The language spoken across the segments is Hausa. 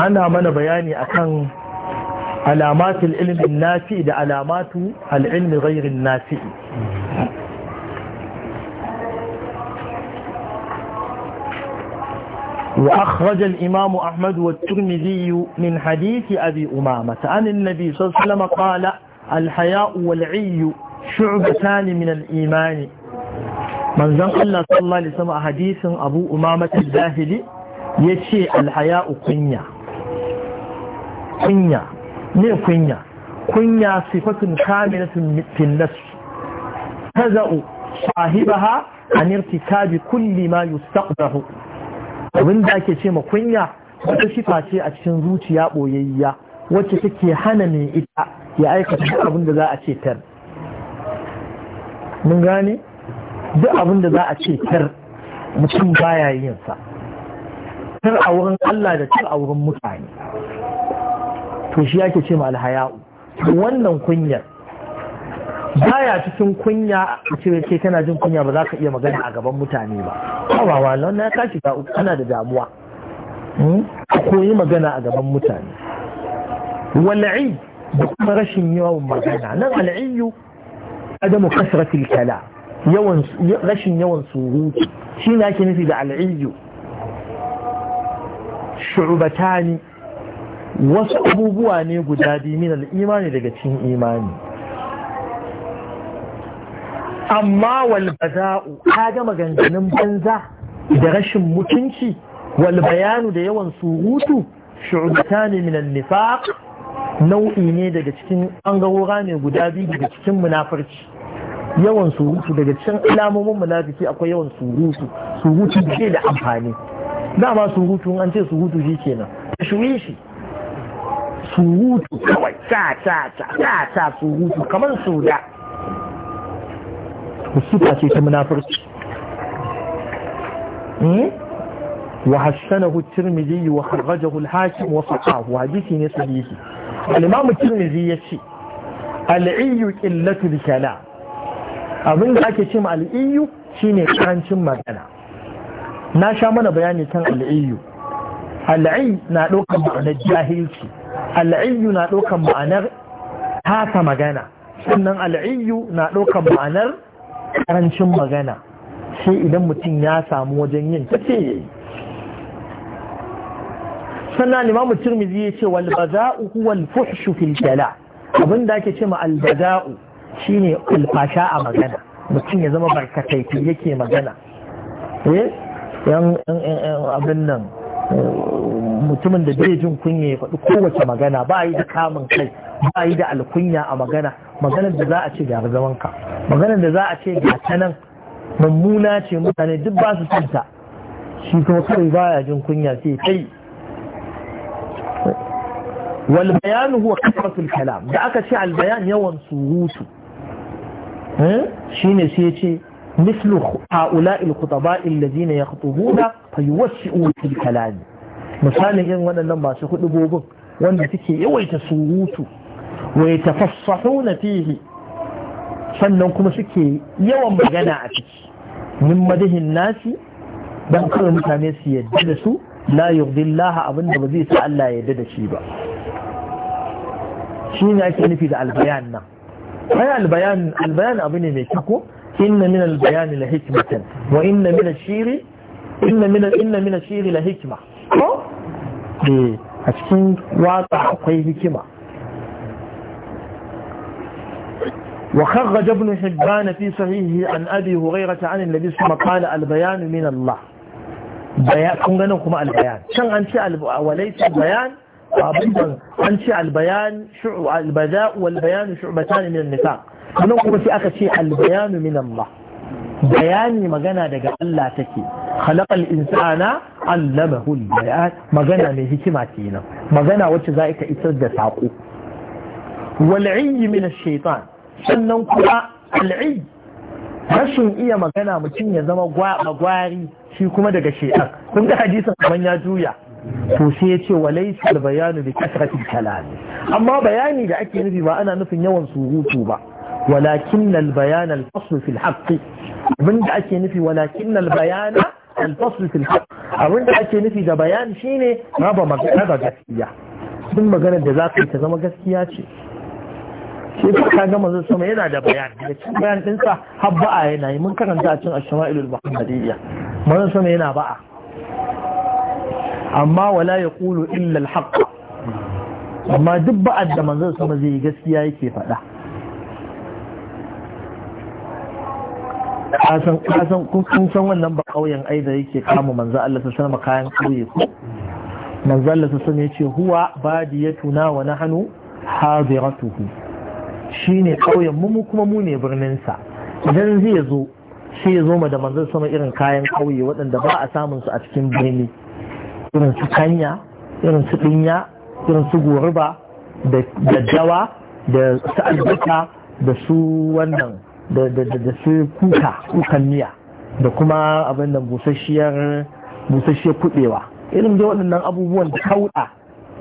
ana mana bayani akan alamatul ilmin nafi da alamatu al'ilmi ghairin nafi وأخرج الإمام أحمد والترمذي من حديث أبي أمامة عن النبي صلى الله عليه وسلم قال الحياء والعي شعبتان من الإيمان من زن الله صلى الله عليه وسلم حديث أبو أمامة الزاهلي يتشي الحياء قنية kunya ne kunya kunya sifatun kamilatun fil nafs taza'u sahibaha an irtikabi kulli ma yustaqbahu abin da ake ce ma kunya wata sifa ce a cikin zuciya boyayya wacce take hana ne ita ya aikata abin da za a ce tar mun gane duk abin da za a ce tar mutum baya yin sa tar a wurin Allah da tar a wurin mutane to shi yake ce alhaya'u wannan kunyar baya cikin kunya a ce kana jin kunya ba za ka iya magana a gaban mutane ba ba wa na ka shiga uku ana da damuwa hmm? a koyi magana a gaban mutane wal'i da kuma rashin yawan magana nan al'iyu adamu kasratil kala yawan rashin yawan surutu shi ne ake nufi da al'iyu shu'ubatani wasu abubuwa ne guda biyu min daga cin imani amma wal ka kaga maganganun banza da rashin mutunci wal da yawan surutu shugata min minan nifaq nau'i ne daga cikin an ne guda biyu daga cikin munafurci yawan surutu daga cikin alamomin munafiki akwai yawan surutu surutu ke da amfani dama surutu an ce surutu shi kenan tashwishi surutu kawai ta ta ta ta ta surutu kamar su da sifa ce ta munafurci وحسنه الترمذي وخرجه الحاكم وصححه وحديثي نسبيه الإمام الترمذي يشي العي قلة الكلام abin da ake cin al'iyu shine karancin magana na sha mana bayani kan al'iyu al'i na ɗaukar ma'anar jahilci al'ayyu na ɗaukan ma'anar haka magana sannan al'ayyu na ɗaukan ma'anar ƙarancin magana sai idan mutum ya samu wajen yin ta ce yi sannan mutum turmizi ya ce walbaza'u huwal fuhshu fil kala abin da ake ce ma albaza'u shine alfasha a magana mutum ya zama barkataifi yake magana eh yan mutumin da bai jin kunya ya faɗi kowace magana ba yi da kamun kai ba yi da alkunya a magana maganar da za a ce gyara zaman ka maganar da za a ce ga ta nan mummuna ce mutane duk ba su santa shi kuma kawai baya jin kunya sai kai wal bayan huwa kasratul kalam da aka ce al bayan yawan surutu eh, shine sai ya ce مثل هؤلاء الخطباء الذين يخطبون فيوسعون في الكلام misalin irin waɗannan masu hudu gobin wanda suke yawaita surutu wai tafassahu na fihi sannan kuma suke yawan magana a ciki min madihin nasi don kawai mutane su yadda da su la yurdillaha abinda ba zai sa Allah ya yadda da shi ba shi ne ake nufi da albayan nan ai albayan albayan abu ne mai kyau inna min albayan la hikmatan wa inna min ashiri inna min inna min ashiri la hikma ko eh, a cikin waka akwai hikima وخرج ابن حبان في صحيحه عن أبي هريرة عن النبي صلى الله عليه وسلم قال البيان من الله kun ganin kuma albayan can an ce walaita bayan abinda an ce albayan albada walbayan shu'batan min nifaq kuma kuma sai aka ce albayanu min Allah bayani magana daga Allah take khalaqal insana allamahu al-bayan magana mai hikima kenan magana wacce za ka isar da saƙo? wal min ash sannan kuma al rashin iya magana mutum ya zama gwari shi kuma daga shaytan kun ga hadisin kaman ya juya to sai ya ce walaysa al-bayanu bi kasrati kalam amma bayani da ake nufi ba ana nufin yawan surutu ba walakin al-bayan fi abinda ake nufi walakin al-bayana alfasu fil haq abin da ake nufi da bayani shine raba magana da gaskiya duk maganar da za ka yi ta zama gaskiya ce shi ta kaga manzon sama yana da bayani da cikin bayan dinsa har ba'a yana yi mun karanta a cikin ash-shama'ilul muhammadiyya manzon sama yana ba'a amma wala yaqulu illa al-haqq amma duk ba'ad da manzon sama zai gaskiya yake faɗa kun san wannan ba kauyen ai da yake kama manzo Allah sun sama kayan kauye ko manzo Allah sun ya ce huwa badiyatuna wa nahnu hadiratuhu shine kauyen mu mu kuma mu ne birnin sa idan zai zo sai ya ma da manzo sama irin kayan kauye waɗanda ba a samun su a cikin birni irin su kanya irin su dinya irin su goruba da dawa da su albata da su wannan da su kuka kukan miya da kuma abin busasshiyar kudewa irin da waɗannan abubuwan da kauɗa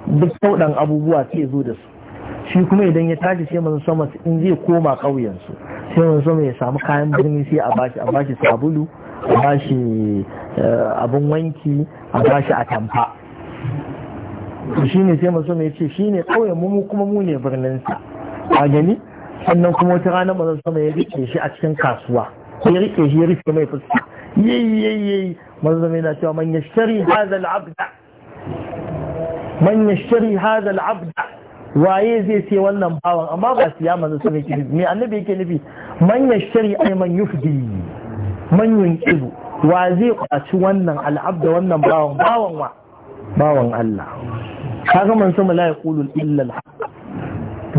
duk kauɗan abubuwa ke zo da su shi kuma idan ya tashi sai manzo sama in zai koma ƙauyensu sai manzo sama ya samu kayan birni sai a bashi a sabulu a bashi eh, abin wanki a bashi a atamfa to shine sai manzo sama ya ce shi ne ƙauyen mu kuma mu ne birnin sa a gani sannan kuma wata rana mazan sama ya rike shi a cikin kasuwa ya rike shi ya rike mai fuska yayi yayi mazan sama yana cewa man yashtari hadha al-abda man yashtari hadha al-abda waye zai sai wannan bawan amma ba siya manzo sama yake nufi me annabi yake nufi man yashtari ay man yufdi man yunqidu wa zai kwaci wannan al'abda wannan bawan bawan wa bawan Allah kaga man sama la yaqulu illa al-haq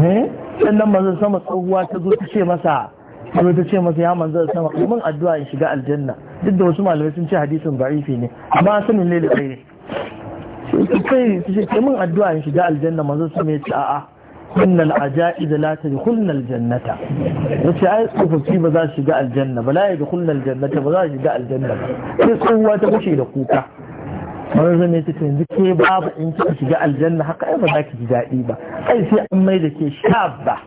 eh nan manzon sama tsohuwa ta zo ta ce masa ta ta ce masa ya manzon sama kuma addu'a in shiga aljanna duk da wasu malamai sun ce hadisin ba'ifi ne amma sanin ne da kai sai ta ce kai mun addu'a in shiga aljanna manzon sama ya ce a'a innal ajaiz la tadkhulna aljannata ce ai tsofaffi ba za su shiga aljanna ba la yadkhulna aljannata ba za su shiga aljanna ba sai tsohuwa ta kushe da kuka wani zama ta tafi yanzu ke babu in kika shiga aljanna haka ai ba za ki ji daɗi ba ai sai an mai da ke shabba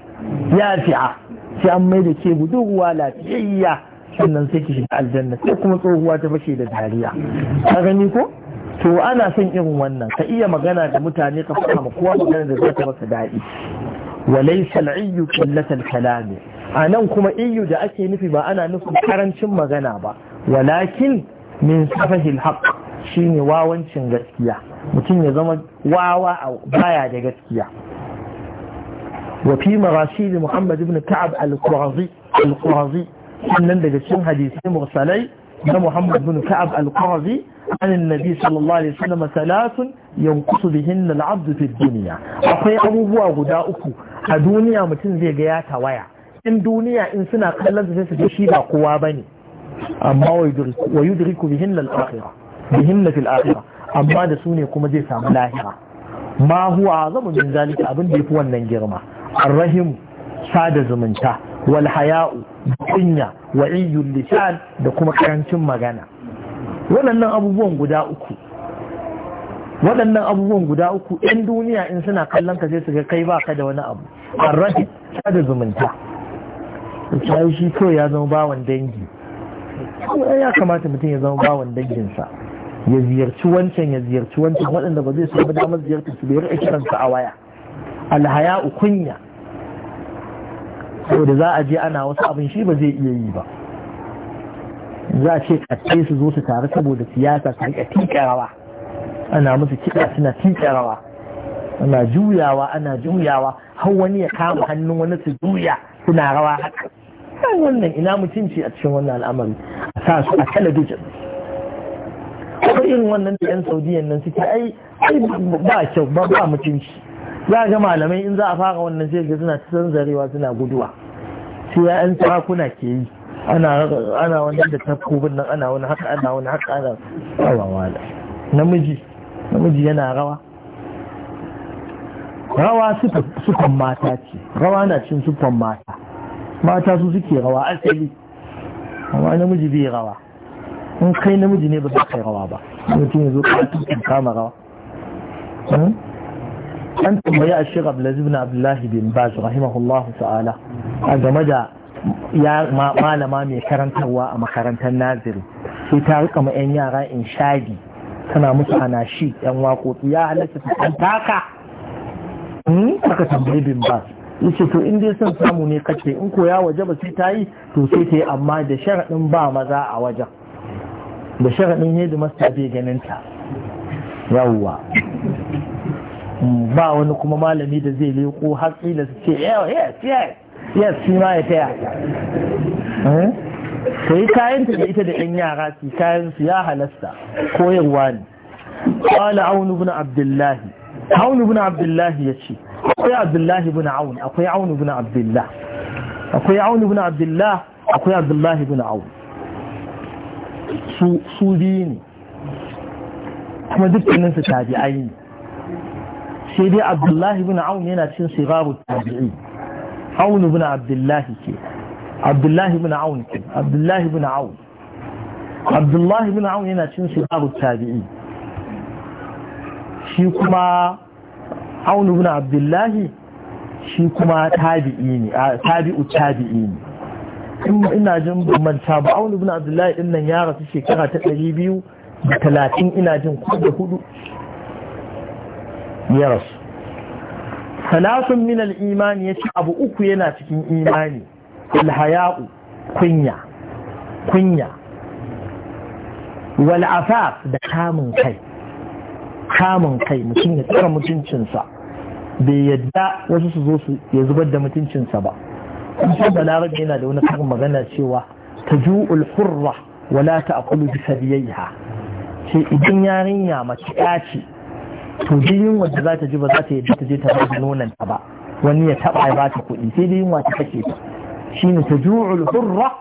ya fi'a sai an mai da ke budurwa lafiyayya sannan sai ki shiga aljanna sai kuma tsohuwa ta fashe da dariya ka gani ko to ana son irin wannan ka iya magana da mutane ka faɗa ma kowa magana da zai ta maka daɗi walaysa al-iyyu qillatal kalam anan kuma iyu da ake nufi ba ana nufin karancin magana ba walakin min safahil haqq shine wawancin gaskiya mutum ya zama wawa a baya da gaskiya wa fi marashidi muhammad ibn ka'ab al-qurazi al-qurazi sannan daga cikin hadisi mursalai na muhammad ibn ka'ab al-qurazi عن النبي sallallahu alaihi عليه وسلم ثلاث ينقص بهن العبد fi akwai abubuwa guda uku a duniya mutum zai ga ya tawaya in duniya in suna kallon da sai su ga shi ba kowa bane amma wa yudriku bihin al-akhirah bihinna fil akhirah amma da su ne kuma zai samu lahira ma huwa azamu min zalika abin da yafi wannan girma arrahim sada zumunta wal haya'u kunya wa iyyul lisan da kuma karancin magana waɗannan abubuwan guda uku waɗannan abubuwan guda uku ɗan duniya in suna kallon ka sai su ga kai ba ka da wani abu arrahim sada zumunta sai shi to ya zama bawan dangi ya kamata mutum ya zama bawan danginsa ya ziyarci wancan ya ziyarci wancan waɗanda ba zai samu damar ziyartar su bai rika kiransa a waya alhaya ukunya saboda za a je ana wasu abin shi ba zai iya yi ba za a ce kattai su zo su tare saboda siyasa su rika tikarawa ana musu kiɗa suna tikarawa ana juyawa ana juyawa har wani ya kama hannun wani su juya suna rawa haka wannan ina mutunci a cikin wannan al'amari a sa su a talabijin akwai irin wannan da 'yan saudiyan nan suke ai ba kyau ba ba mutunci Ya ga malamai in za a fara wannan sai ga suna zarewa suna guduwa sai ya 'yan sarakuna ke yi ana wannan da takobin nan ana wani haka ana wani haka ana kawawa da namiji namiji yana rawa rawa sufan mata ce rawa na cin sufan mata mata su suke rawa asali amma namiji bai rawa in kai namiji ne ba za ka yi rawa ba mutum ya zo ka kama rawa hmm? an tambayi a shirar abdulaziz abdullahi bin baz rahimahullahu ta'ala a game da ya malama mai karantarwa a makarantar naziri sai ta rika ma 'yan yara in shagi tana musu ana shi 'yan waƙoƙi ya halatta ta taka hmm? tambayi bin baz yace to in dai son samu ne kace in koya waje ba sai ta yi to sai ta yi amma da shara ɗin ba maza a wajen da ne da masta bai ganin ta yawwa mm, ba wani kuma malami da zai leko har tsila su ce eh, yes yes yes shi ma ya taya ta eh? yi kayan ta da ita da 'yan yara su kayan su ya halasta koyarwa ne ƙwala aunu bin abdullahi aunu bin abdullahi ya ce akwai abdullahi bin aun akwai aunu bin abdullahi akwai aunu bin abdullahi akwai abdullahi bin aun su biyu ne kuma dukkaninsu tabi'ai ne sai dai abdullahi bin aun yana cin sigaru tabi'i aunu bin abdullahi ke abdullahi bin aun ke abdullahi bin aun abdullahi bin aun yana cin sigaru tabi'i shi kuma aunu bin abdullahi shi kuma tabi'i ne tabi'u tabi'i ne in ina jin manta ba auni bin abdullahi din nan ya rasu shekara ta ɗari biyu da talatin ina jin ko da hudu ya rasu salasun minal imani ya yace abu uku yana cikin imani al-haya'u kunya kunya wal afaf da kamun kai kamun kai mutum ya tsara mutuncinsa bai yadda wasu su zo su ya zubar da mutuncinsa ba kusa balarabe yana da wani karin magana cewa ta ju'ul hurra wala ta akulu bi sabiyaiha ce idan yarinya mace ya ce to duk yunwa da za ta ji ba za ta yadda ta je ta ba nonon ta ba wani ya taba ya ba ta kuɗi sai dai yunwa ta kashe ta shine ta ju'ul hurra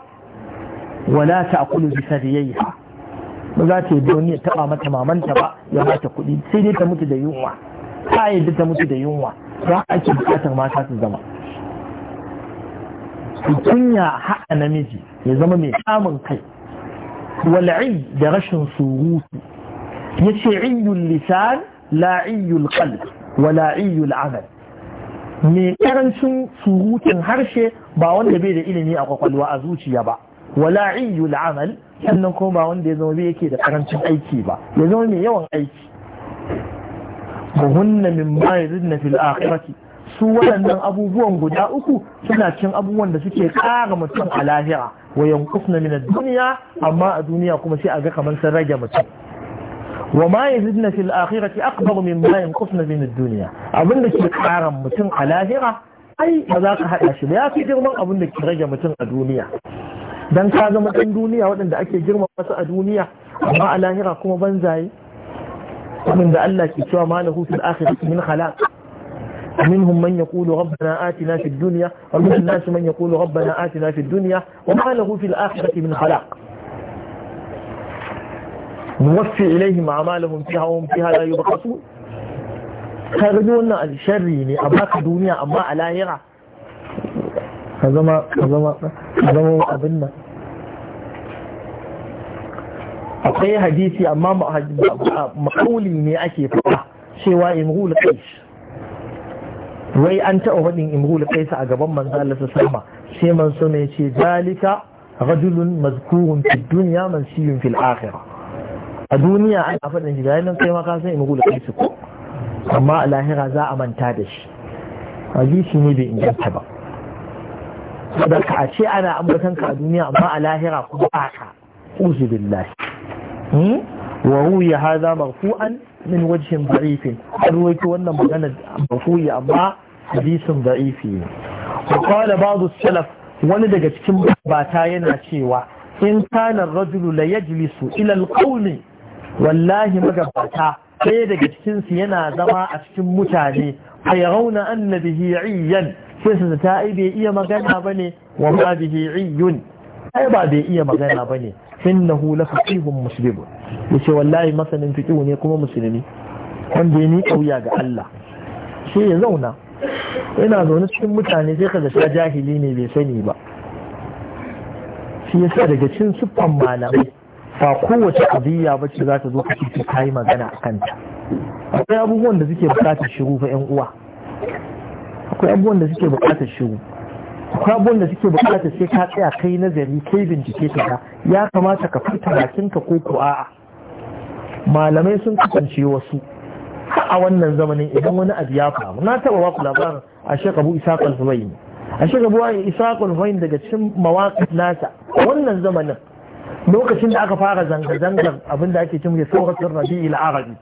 wala ta akulu bi sabiyaiha ba za ta yadda wani ya taba mata mamanta ba ya ba ta kuɗi sai dai ta mutu da yunwa ta yadda ta mutu da yunwa za a ake bukatar mata su zama kunya ya haɗa namiji ya zama mai kamun kai wal'i da rashin surutu ya ce iyul lisan la iyul qalb wa la amal mai ƙarancin surutun harshe ba wanda bai da ilimi a kwakwalwa a zuciya ba wala iyul amal sannan kuma ba wanda ya zama bai yake da karancin aiki ba ya zama mai yawan aiki hunna min ma yuzna fil akhirati su waɗannan abubuwan guda uku suna cin abubuwan da suke ƙara mutum a lahira wa yankusna min ad-dunya amma a duniya kuma sai a ga kamar sun rage mutum wa ma yazidna fil akhirati akbar min ma yankusna na ad duniya. abin da ke ƙara mutum a lahira ai ba za ka haɗa shi ba ya fi girman abin da ke rage mutum a duniya dan ka zama ɗan duniya waɗanda ake girma masu a duniya amma a lahira kuma banzaye abin da Allah ke cewa ma lahu fil akhirati min khalaq منهم من يقول ربنا آتنا في الدنيا ومن الناس من يقول ربنا آتنا في الدنيا وما له في الآخرة من خلاق نوفي إليهم أعمالهم فيها وهم فيها لا يبخسون خرجونا الشرين يعني أباك دنيا أما لا يرى ما هذا ما أبنا akwai حديثي أمام مقولي ne ake fara cewa imrul qais wai an taɓa faɗin imrul kaisa a gaban manzo Allah sama sai manzo ne ce zalika rajulun mazkurun fi dunya mansiyun fil akhirah a duniya an a faɗin shi ganin kai ma ka san imrul kaisa ko amma a lahira za a manta da shi hadisi ne bai inganta ba saboda a ce ana ambatan ka a duniya amma a lahira kuma ba ka uzu billahi hmm? wa ruwiya hadha marfu'an min wajhin da'ifin an ruwaito wannan magana mafuyi amma hadisin da'ifi ne وقال Babu salaf wani daga cikin bata yana cewa in kana rajulu la yajlisu ila alqawmi wallahi magabata ɗaya daga cikin su yana zama a cikin mutane fa yarawna anna bihi iyyan sai su ta bai iya magana bane wa ma bihi iyyun ai ba bai iya magana bane innahu la faqihun muslim yace wallahi masanin fiqh ne kuma musulmi wanda ya ni kauya ga Allah sai ya zauna yana zaune cikin mutane sai kaga shi jahili ne bai sani ba shi ya sa daga cin siffan malamai ba kowace abiya ba ce za ta zo ka ci ta yi magana a kanta akwai abubuwan da suke bukatar shiru fa yan uwa akwai abubuwan da suke bukatar shiru akwai da suke bukata sai ka tsaya kai nazari kai bincike ka ya kamata ka bakin ka ko ko a'a malamai sun kasance wasu a wannan zamanin idan wani abu ya faru na taba baku labarin a shekabu isa ne. a shekabu isa kalfai daga cikin mawaƙi nasa wannan zamanin lokacin da aka fara zanga-zangar abinda ake cin ya tsoratar rabi'il arabi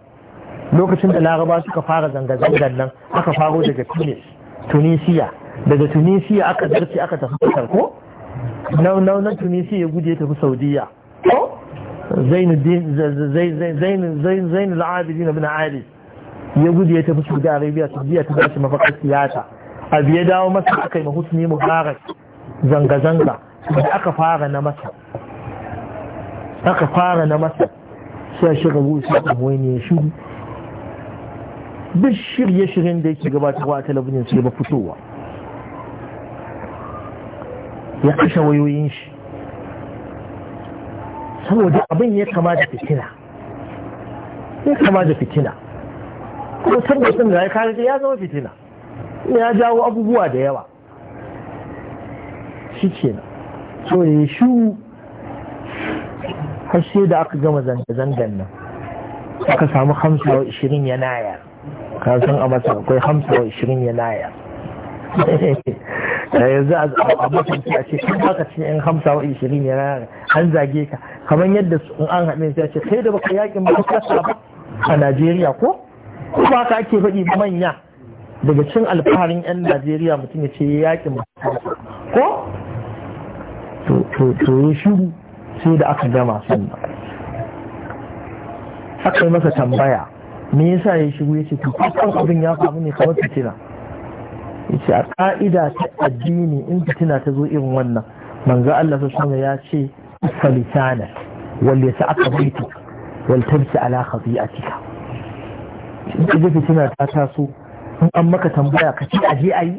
lokacin da laraba suka fara zanga-zangar nan aka faro daga tunis tunisiya daga tunisiya aka zarce aka tafi kasar ko na tunisiya ya guje tafi saudiya ko zainu al'abidi na bin ya guje ya tafi saudi arabia saudiya ta bashi mafakar siyasa abu ya dawo masa aka yi ne mubarak zanga-zanga da aka fara na masa aka fara na masa sai shi rabu sai ne ya shiru duk shirye-shiryen da yake gabatarwa a talabijin sai ba fitowa ya kashe wayoyin shi saboda abin ya kama da fitina ya kama da fitina kuma tabbatin da ya kare ya zama fitina ya jawo abubuwa da yawa shi ce na, so ya yi shu har sai da aka gama zanga-zangan nan aka samu hamsa wa ishirin yanayar, kasan a masa akwai hamsa wa ishirin yanayar. Eh, yanzu a su a ce kan baka cin yan hamsa wa ishirin ya rana an zage ka kamar yadda in an haɗe sai ce kai da baka yakin ba ba a najeriya ko ko ba ka ake faɗi manya daga cin alfaharin yan najeriya mutum ya ce yakin ba ko to ya shiru sai da aka gama sun aka yi masa tambaya me yasa ya shigo ya ce to abin ya faru ne kamar fitina ce a ka'ida ta addini in fitina ta zo irin wannan manzo Allah sallallahu ya ce falisana wal yasa'aka baitu wal tabsi ala khati'atika in ka fitina ta taso in an maka tambaya ka ce aje ayi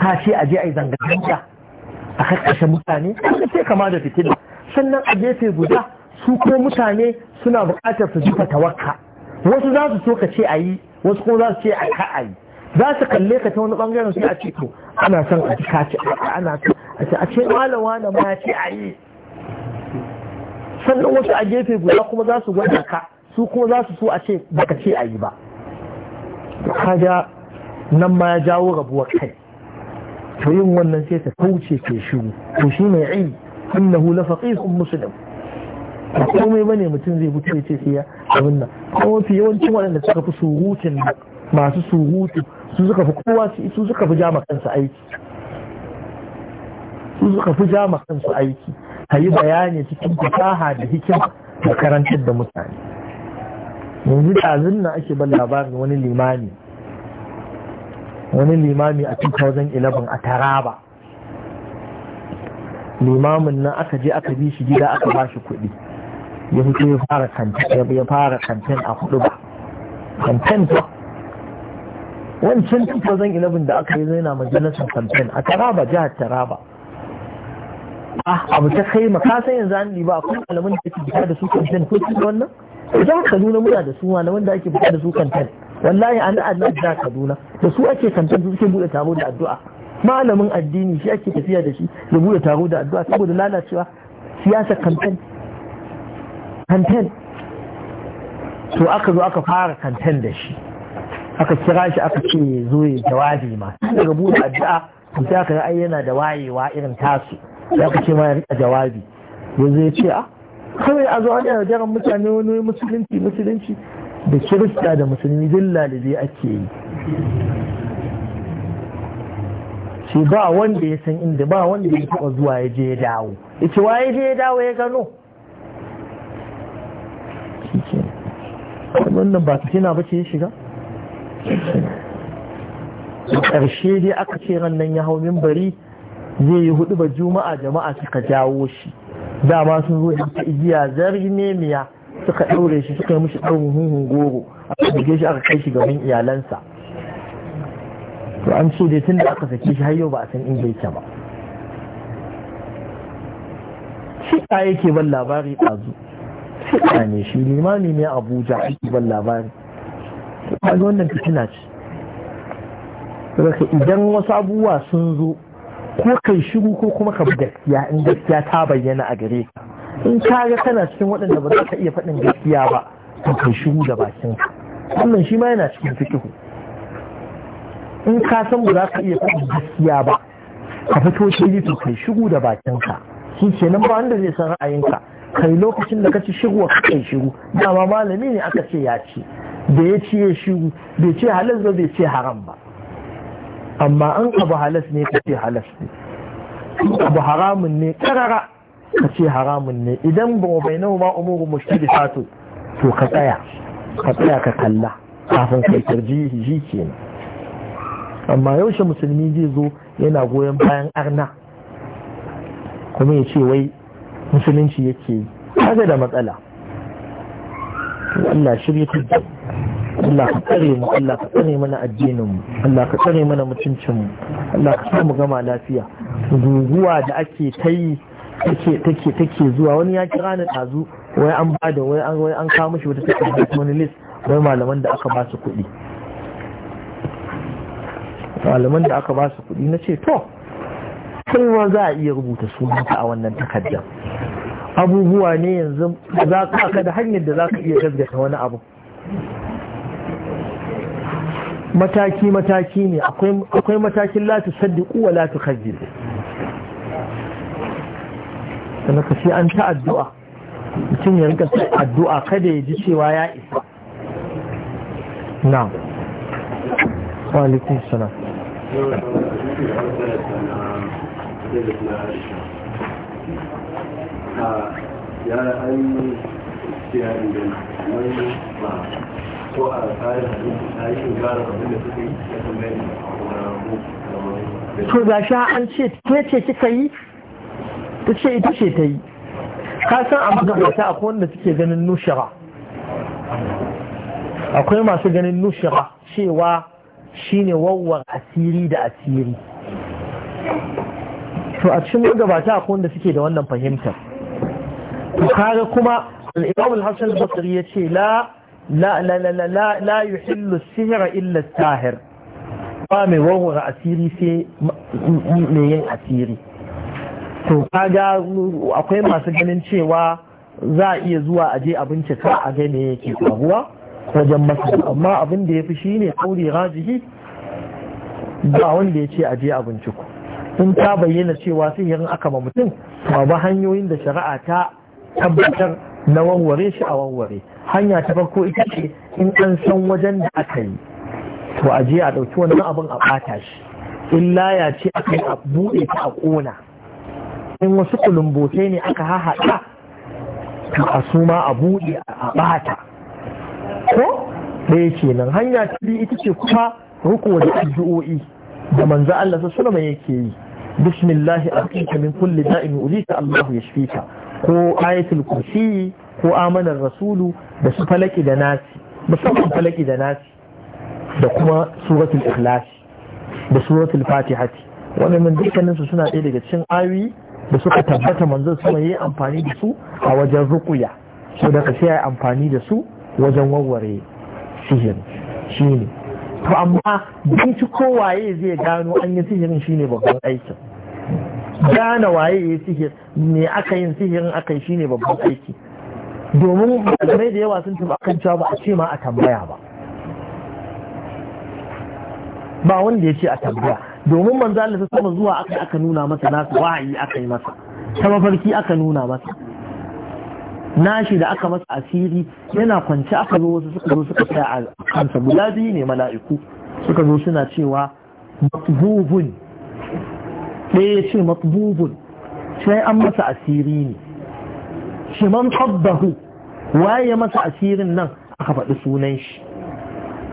ka ce aje ayi zanga-zanga a karkashin mutane ka ce kama da fitina sannan a gefe guda su ko mutane suna buƙatar su jifa tawakka wasu za su so ka ce a yi wasu kuma za su ce a ka'ai za su kalle ka ta wani bangaren su a ce to ana son a ka ce ana son a ce A ce malam na ma ce a yi sannan wasu a gefe guda kuma za su gwada ka su kuma za su so a ce baka ce a yi ba kaga nan ma ya jawo rabuwar kai to yin wannan sai ta kauce ke shiru. to shi mai ilmi innahu la faqihun muslim ba komai ba ne mutum zai fito ce sai ya abin nan kuma mafi yawancin waɗanda suka fi surutun masu surutu su suka fi kowa su suka fi jama kansu aiki su suka fi jama kansu aiki ka yi bayani cikin fasaha da hikima da karantar da mutane yanzu ɗazin na ake ban labarin wani limami wani limami a 2011 a taraba limamin nan aka je aka bi shi gida aka ba shi kuɗi ya fito ya fara kantin ya fara kantin a hudu ba kantin to wancan 2011 da aka yi zai na majalisar kantin a taraba jihar taraba A ah, abu ta kai ma kasan yanzu an liba akwai alamun da ake fita da su kantin ko su wannan jihar kaduna muna da su malaman da ake fita da su kantin wallahi an da jihar kaduna da su ake kantin su suke bude taro da addu'a malamin addini shi ake tafiya da shi ya bude taro da addu'a saboda lalacewa siyasar kamfen? kanten to aka zo aka fara kanten da shi aka kira shi aka ce zo ya jawabi ma daga buɗe addu'a to sai aka ai yana da wayewa irin tasu sai aka ce ma ya rika jawabi yanzu ya ce a ah, kawai a zo ana jaran mutane wani musulunci musulunci da kirista da musulmi dilla da zai ake yi ba wanda ya san inda ba wanda ya taɓa zuwa ya je ya dawo ya ce wa je ya dawo ya gano wannan ba fitina ba bace ya shiga ƙarshe dai aka ce nan ya hau bari zai yi hudu ba juma'a jama'a suka jawo shi dama sun zo yanka igiya zargi nemiya suka ɗaure shi suka yi mishi ɗaurin hunhun goro aka buge shi aka kai shi gaban iyalansa to an ce dai tun da aka sake shi har yau ba a san inda yake ba shi ta yake ban labari ɗazu fitina ne shi limami ne abuja ake ban labari kaga wannan fitina ce saboda idan wasu abubuwa sun zo ko kai shiru ko kuma ka gaskiya in gaskiya ta bayyana a gare ka in ka ga kana cikin waɗanda ba za ka iya faɗin gaskiya ba to kai shiru da bakin ka wannan shi ma yana cikin fikihu in ka san ba za ka iya faɗin gaskiya ba ka fito shi to kai shiru da bakin ka shi kenan ba wanda zai san ra'ayinka kai lokacin da ka ci kai shigu da shiru dama malami ne aka ce ya ci da ya ci ya shiru bai ce halas ba bai ce haram ba amma an abu halas ne kace halas ne abu haramun ne karara ka haramun ne idan ba mu bai ma umuru mushkili sato to ka tsaya ka tsaya ka kalla kafin kai tarjihi shi kenan amma yaushe musulmi zai zo yana goyon bayan arna kuma ya ce wai musulunci yake yi kaga da matsala Allah shirya tudda Allah ka tsare mu Allah ka tsare mana addininmu Allah ka tsare mana mutuncinmu Allah ka samu mu gama lafiya guguwa da ake ta yi take take zuwa wani ya kira ni ɗazu wai an ba da wai an wai an kawo mishi wata takarda wani list wai malaman da aka ba su kuɗi malaman da aka ba su kuɗi na ce to kowa za a iya rubuta sunanka a wannan takaddar abubuwa ne yanzu za ka da hanyar da za ka iya gaskata wani abu mataki-mataki ne akwai matakin latu saddiku wa latu kajil sannan ka sai an ta addu'a mutum ya rika addu'a kada ya ji cewa ya isa na walikun sana zai na aisha an siya inda a to ga sha an ce ke ce kika yi ta ce ita ce ta yi ka san a magabata akwai wanda suke ganin nushara akwai masu ganin nushara cewa shine wawwar asiri da asiri to a cikin magabata akwai wanda suke da wannan fahimtar to kaga kuma al-imam al-hasan al-basri yace la la la la la la illa as-sahir ba mai warware asiri sai mai yin asiri to kaga akwai masu ganin cewa za a iya zuwa aje abinci ka a ga me yake faruwa wajen masu amma abin da ya fi shi ne kauri rajihi ba wanda ya ce aje abinci. sun ta bayyana cewa sihirin aka ba mutum ba ba hanyoyin da shari'a ta tabbatar na warware shi a warware hanya ta farko ita ce in an san wajen da aka yi to a je a ɗauki wani abin a ɓata shi in laya ce aka yi a buɗe ta a ƙona in wasu kulumbote ne aka hahaɗa to a suma a buɗe a ɓata ko ɗaya kenan hanya ta biyu ita ce kuma ruko da addu'o'i da manzo Allah sallallahu alaihi yake yi bismillahi aqika min kulli da'in ulika Allahu ya yashfika ko ayatul kursi ko amanar rasulu da su falaki da nasi musamman falaki da nasi da kuma suratul ikhlas da suratul fatihati wannan dukkanin su suna ɗaya daga cikin ayoyi da suka tabbata manzon sama yayi amfani da su a wajen ruqya so da sai yayi amfani da su wajen warware sihiri shine to amma binciko waye zai gano an yi sihirin shine babban aikin gane waye ya sihir me aka yin sihirin aka yi shine babban aiki domin malamai da yawa sun tafi akan cewa ba a ce ma a tambaya ba ba wanda ya ce a tambaya domin manzo Allah sama zuwa aka aka nuna masa nasu wa'ayi aka yi masa ta mafarki aka nuna masa nashi da aka masa asiri yana kwance aka zo wasu suka zo suka tsaya a kansa guda biyu ne mala'iku suka zo suna cewa matbubun ɗaya ya ce matbubun sai an masa asiri ne shi man tabbahu waye masa asirin nan aka faɗi sunan shi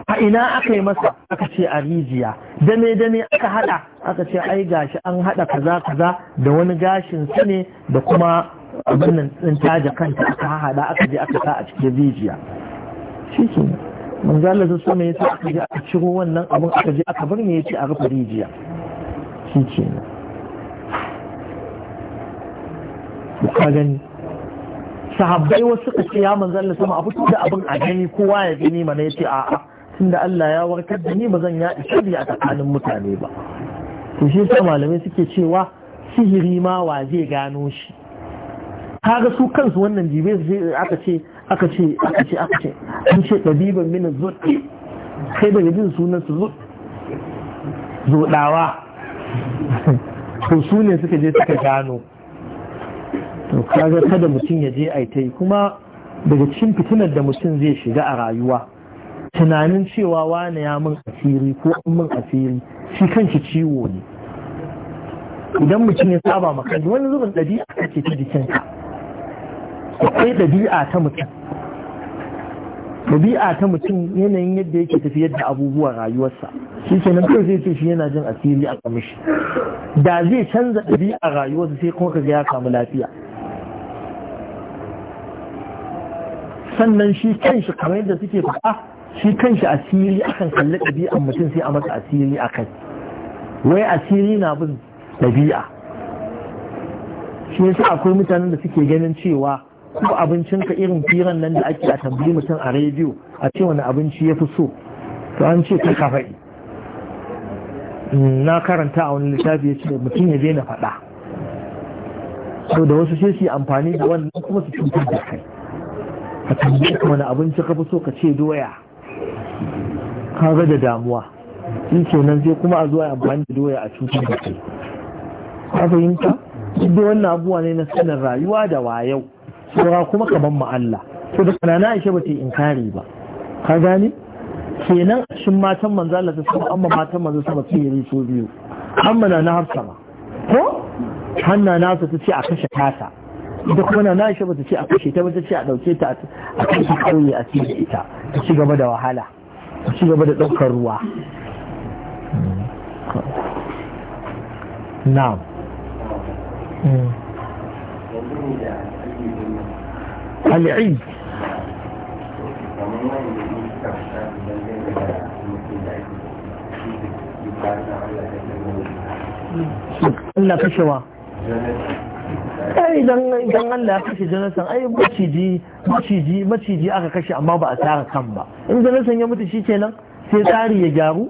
a ina aka yi masa aka ce a rijiya dame dame aka hada aka ce ai gashi an hada kaza kaza da wani gashin su ne da kuma abin nan ɗin taja kanta aka haɗa aka je aka sa a cikin rijiya shi ke Mun Allah su sama ya aka je aka ciro wannan abin aka je aka bar ne ya ce a rufe rijiya shi ke ka gani sahabbai wasu suka ce ya manzo Allah sama a fito da abin a gani kowa ya gani mana ya ce a'a tunda Allah ya warkar da ni ba zan ya isa a tsakanin mutane ba to shi sa malamai suke cewa sihiri ma wa zai gano shi kaga su kansu wannan jibe aka ce aka ce aka ce aka ce an ce ɗabiban mina zuɗi sai daga jin sunan su zuɗawa to su ne suka je suka gano to kaga kada mutum ya je yi kuma daga cikin fitinar da mutum zai shiga a rayuwa tunanin cewa wane ya min asiri ko an min asiri shi kanshi ciwo ne idan mutum ya saba maka wani zubin ɗabi'a kake ta jikinka akwai dabi'a ta mutum dabi'a ta mutum yanayin yadda yake tafiyar da abubuwan rayuwarsa shi ke nan kawai zai ce shi yana jin asiri a kamishi da zai canza ɗabi'a rayuwarsa sai kuma kaga ya kamu lafiya sannan shi kanshi kamar yadda suke faɗa shi kanshi asiri akan kalli ɗabi'an mutum sai a masa asiri a kai wai asiri na bin ɗabi'a shi yasa akwai mutanen da suke ganin cewa ko abincinka irin firan nan da ake a tambayi mutum a rediyo a ce wani abinci ya fi so to an ce ka faɗi na karanta a wani littafi ya ce mutum ya daina faɗa so da wasu sai su amfani da wannan kuma su cutar da kai ka tambayi ka wani abinci ka fi so ka ce doya ka ga da damuwa ce nan sai kuma a zuwa amfani da doya a cutar da kai ka fahimta duk da wannan abubuwa ne na sanin rayuwa da wayau saura kuma kaman mu Allah to da sanana Aisha ba ta inkari ba ka gani kenan a cikin matan manzo Allah sai kuma amma matan manzo sai sun yi so biyu amma na Hafsa ba ko hanna na ta ce a kashe tata da kuma na Aisha ba ta ce a kashe ta ba ta ce a dauke ta a kashe kauye a cikin ita ta ci gaba da wahala ta ci gaba da daukar ruwa na'am hmm. al'id Allah kashewa Allah kashe janasan ai maciji maciji maciji aka kashe amma ba a tsara kan ba in janasan ya mutu shi kenan sai tsari ya gyaru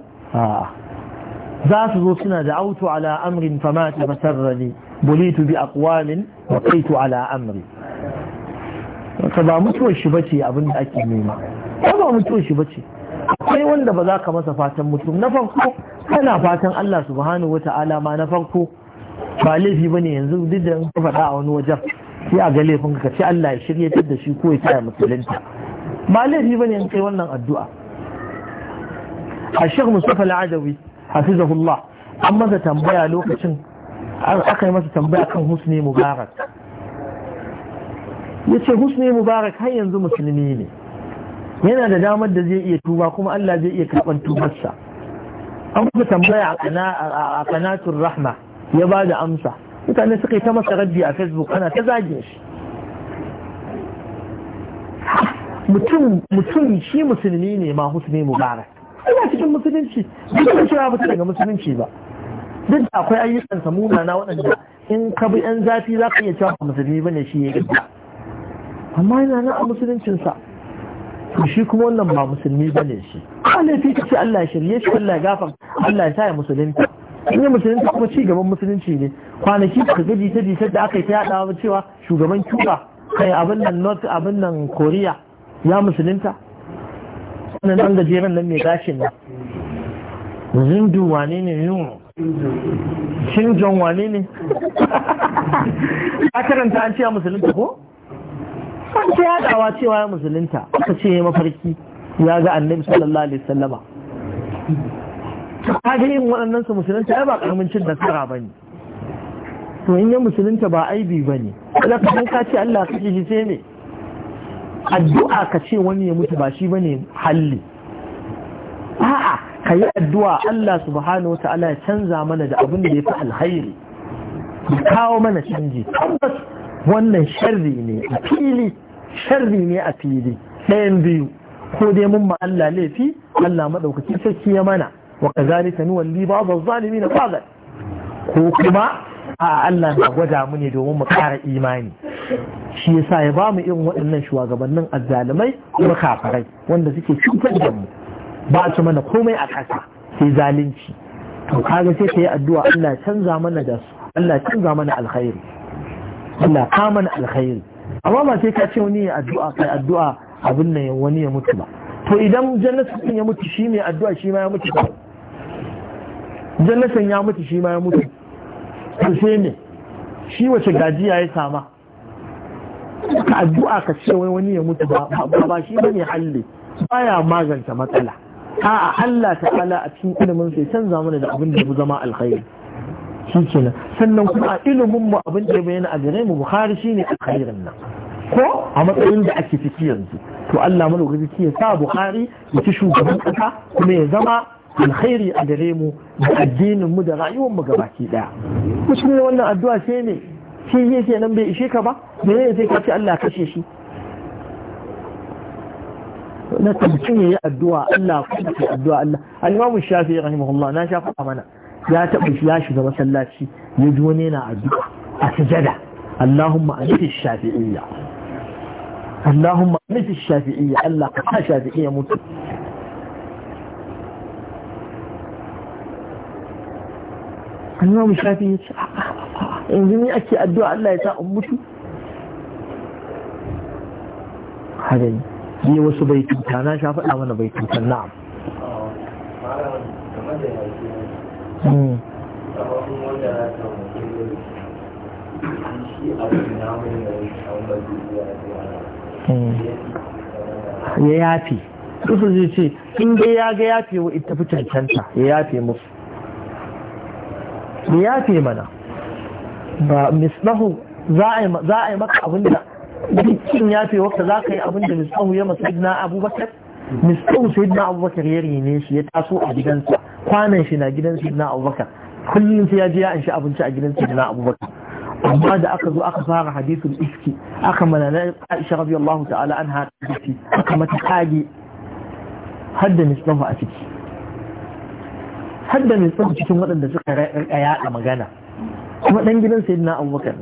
za su zo suna da auto ala amrin famata masarrani bulitu bi aqwalin wa qaitu ala amri ka ba mutuwar shi bace abin da ake nema ba ba mutuwar shi bace akwai wanda ba za ka masa fatan mutum na farko kana fatan Allah subhanahu wata'ala ma na farko ba laifi bane yanzu duk da ka faɗa a wani wajen sai a ga laifin ka ce Allah ya shirye da shi ko ya tsaya musulunta ba laifi bane in kai wannan addu'a a shek mustafa al'adawi hafizahullah an masa tambaya lokacin aka yi masa tambaya kan husni mubarak ya ce husni mubarak har yanzu musulmi ne yana da damar da zai iya tuba kuma Allah zai iya karɓar tubarsa an kuka tambaya a kanatun rahma ya ba da amsa mutane suka yi ta masa rabbi a facebook ana ta zage shi mutum shi musulmi ne ma husni mubarak ina cikin musulunci duk da cewa ba daga musulunci ba duk da akwai ayyukan samuna na waɗanda in ka bi yan zafi za ka iya cewa musulmi bane shi ya gaba amma yana nan a musuluncinsa to shi kuma wannan ba musulmi ba ne shi Allah fi kace Allah ya shirye shi Allah ya gafa Allah ya sa ya musulunta in ya musulunta kuma ci gaban musulunci ne kwanaki ka gaji ta jisar da aka yi ta yadawa cewa shugaban Cuba kai abin nan North abin nan Korea ya musulunta wannan dan gajeren nan mai gashin nan Zindu wane ne yun Shin John wane ne? a karanta an ce musulunta ko? ta yadawa cewa ya musulunta aka ce mafarki ya ga annabi sallallahu alaihi wasallama ta ga yin waɗannan su musulunta ya ba karamin cin nasara ba ne to in ya musulunta ba aibi ba ne kada ka ka ce Allah ka shi sai ne addu'a ka ce wani ya mutu ba shi bane halli a'a ka yi addu'a Allah subhanahu wa ya canza mana da abin da ya fi alhairi ya kawo mana canji tabbas wannan sharri ne a fili sharri ne a fili ɗayan biyu ko dai mun ma Allah laifi Allah madaukaki sarki ya mana wa kazalika ba ba'd az-zalimin ba'd ko kuma a Allah na gwada mu ne domin mu ƙara imani shi yasa ya bamu irin waɗannan shugabannin azzalumai kuma kafarai wanda suke cutar da mu ba su mana komai a ƙasa sai zalunci to kaga sai ka yi addu'a Allah canza mana da su Allah canza mana alkhairi Allah ka mana alkhairi amma ba sai ka ce wani ya addu'a kai addu'a abin nan wani ya mutu ba to idan Jannatin ya mutu shi mai addu'a shi ma ya mutu ba Jannatin ya mutu shi ma ya mutu to sai ne shi wace gajiya ya sama ka addu'a ka ce wai wani ya mutu ba ba shi bane halle baya magance matsala a'a Allah ta'ala a cikin ilimin sai canza mana da abin da ya zama alkhairi shi kenan sannan kuma a ilimin mu abin da ya bayyana a gare mu bukhari shine alkhairin nan ko a matsayin da ake ciki yanzu to Allah madaukaki ya sa bukhari ya ci shugaban kasa kuma ya zama alkhairi a gare mu da addinin mu da rayuwar mu gabaki daya ne wannan addu'a sai ne shi yake nan bai ishe ka ba me ne sai ka ce Allah kashe shi na tamkin yayi addu'a Allah kuma addu'a Allah al-Imam Shafi'i rahimahullah na shafa mana ya taɓa ya shiga masallaci ya ji wani yana addu'a a sujada Allahumma anfi shafi'iyya Allahumma anfi shafi'iyya Allah ka sa shafi'iyya mutu Imam Shafi ya ce yanzu ni ake addu'a Allah ya sa in mutu haka ne wasu bai tuta na sha faɗa mana bai tuta na'am Hmm. ya yafe rufu zai ce in dai ya ga yafe wa ita fi cancanta ya yafe musu ya yafe mana ba misnahu za a yi maka abinda da dukkin yafe wata za ka yi abinda misnahu ya masu na abubakar miskin sai na abubakar ya rene shi ya taso a gidansa kwanan shi na gidan sai na abubakar kullum sai ya je ya anshi abinci a gidan sai na abubakar amma da aka zo aka fara hadisin iski aka mana manana aisha radiyallahu ta'ala an haɗa hadisi aka mata kage hadda miskin a ciki hadda miskin cikin waɗanda suka yaɗa magana kuma ɗan gidan sai na abubakar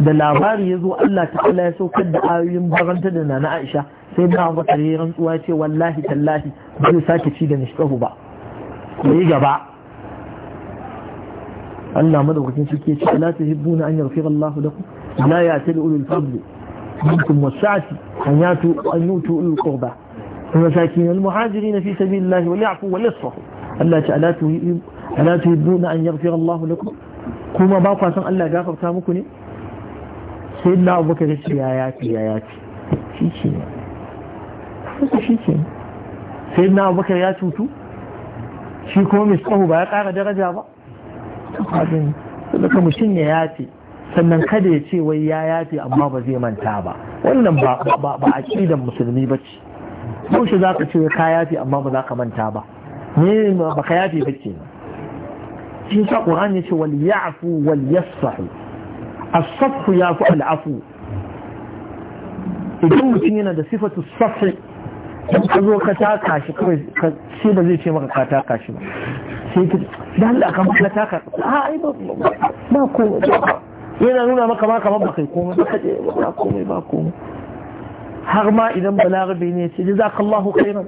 da labari ya zo Allah ta'ala ya saukar da ayoyin baranta da na Aisha sai ba wata rantsuwa ce wallahi tallahi ba zai sake ci da nishkahu ba ko yi gaba Allah mada kukin shi ke ci ala ta hibbu na da ku la ya ta ulul fadlu minkum wasati an yatu an yutu ulul qurba wa masakin fi sabilillahi wal yafu wal yasfu Allah ta ala ta ala ta da ku kuma ba kwa san Allah gafarta muku ne sai Allah abubakar ya ci ya ya ci shi ne suka shi ke sai na abubakar ya cutu shi kuma mai tsohu ba ya kara daraja ba suka mutum ya yafe sannan kada ya ce wai ya yafe amma ba zai manta ba wannan ba a ƙidan musulmi ba ce yaushe za ka ce ka yafe amma ba za ka manta ba ne ba ka yafe ba ke nan shi sa ƙoran ya ce wal ya'fu wal yasfahu as-safu yafu al-afu idan mutum yana da sifatu safi ka zo ka taka shi kawai shi ba zai ce maka ka taka shi ba sai ki da Allah ka maka taka a ai ba ba ko yana nuna maka ma kamar ba kai komai ba ka je ba komai ba komai har ma idan balarabe ne ce jazakallahu khairan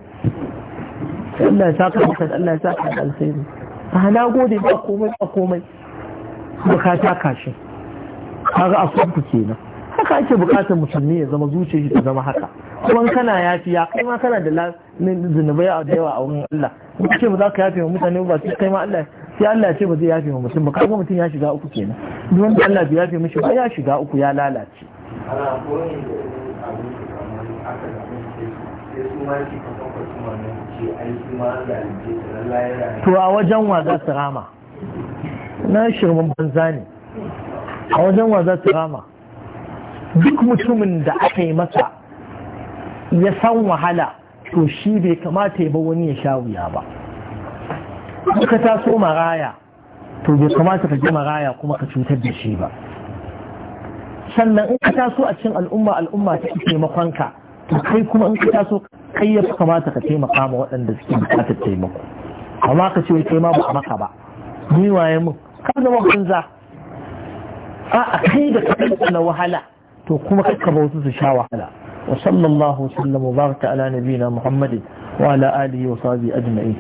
Allah ya saka ka Allah ya saka ka alkhairi a na gode ba komai ba komai ba ka taka shi kaga akwai kenan haka ake bukatar musulmi ya zama zuciya shi ta zama haka kuma kana yafiya kai ma kana da zunubai a da yawa a wurin Allah kuma ce ba za ka yafe wa mutane ba sai kai ma Allah sai Allah ce ba zai yafe wa mutum ba kaga mutum ya shiga uku kenan duk wanda Allah bai yafe mishi ba ya shiga uku ya lalace to a wajen wa za su rama na shirman banza ne a wajen wa za su rama duk mutumin da aka yi masa ya san wahala to shi bai kamata ya ba wani ya sha wuya ba ka taso maraya to bai kamata ka ji maraya kuma ka cutar da shi ba sannan in ka taso a cikin al'umma al'umma ta taimakon ka to kai kuma in ka taso kai ya fi kamata ka taimaka ma waɗanda suke buƙatar taimako amma ka ce kai ma ba a maka ba ni waye mun ka zama kunza. a kai da kai na wahala to kuma kakka bautu su sha wahala wa sallallahu sallam wa baraka ala nabiyina muhammadin wa ala alihi wa sahbihi ajma'in